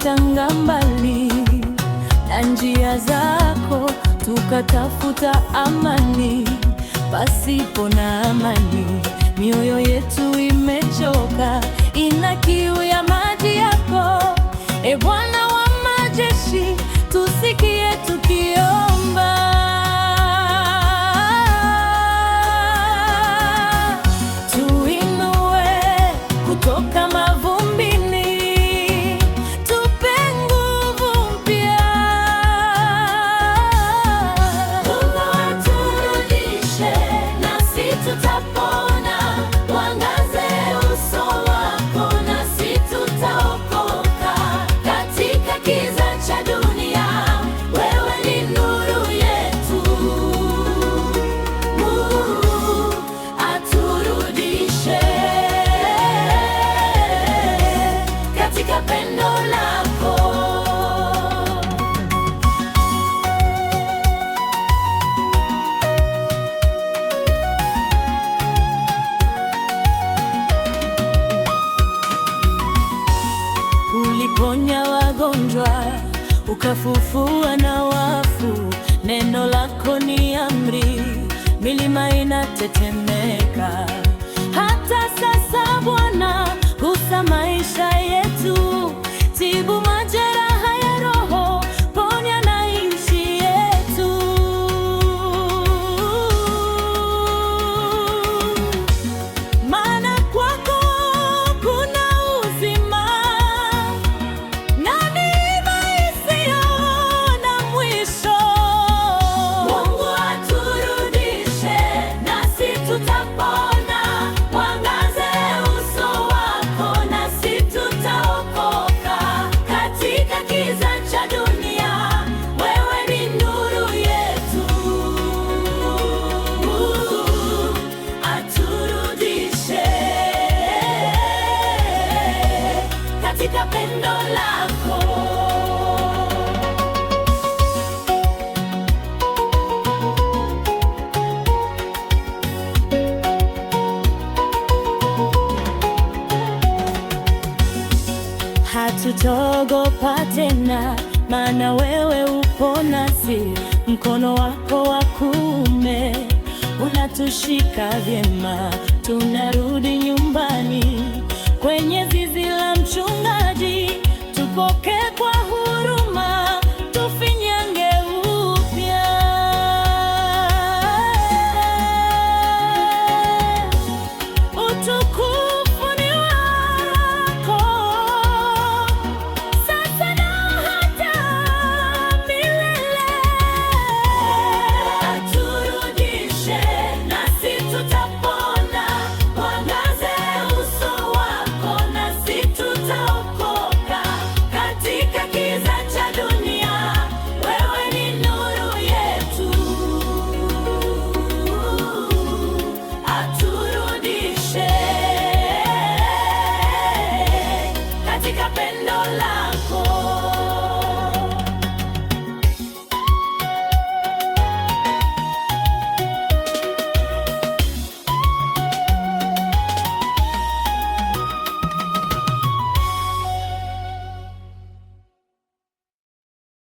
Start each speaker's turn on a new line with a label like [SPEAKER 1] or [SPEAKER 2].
[SPEAKER 1] tukatanga mbali na njia zako, tukatafuta amani pasipo na amani. Mioyo yetu imechoka, ina kiu ya maji yako, e Bwana wa majeshi, tusikie tukio ukafufua na wafu.
[SPEAKER 2] katika pendo lako.
[SPEAKER 1] Hatutogopa tena, maana wewe upo nasi, mkono wako wa kuume unatushika vyema, tunarudi nyumbani. 행복한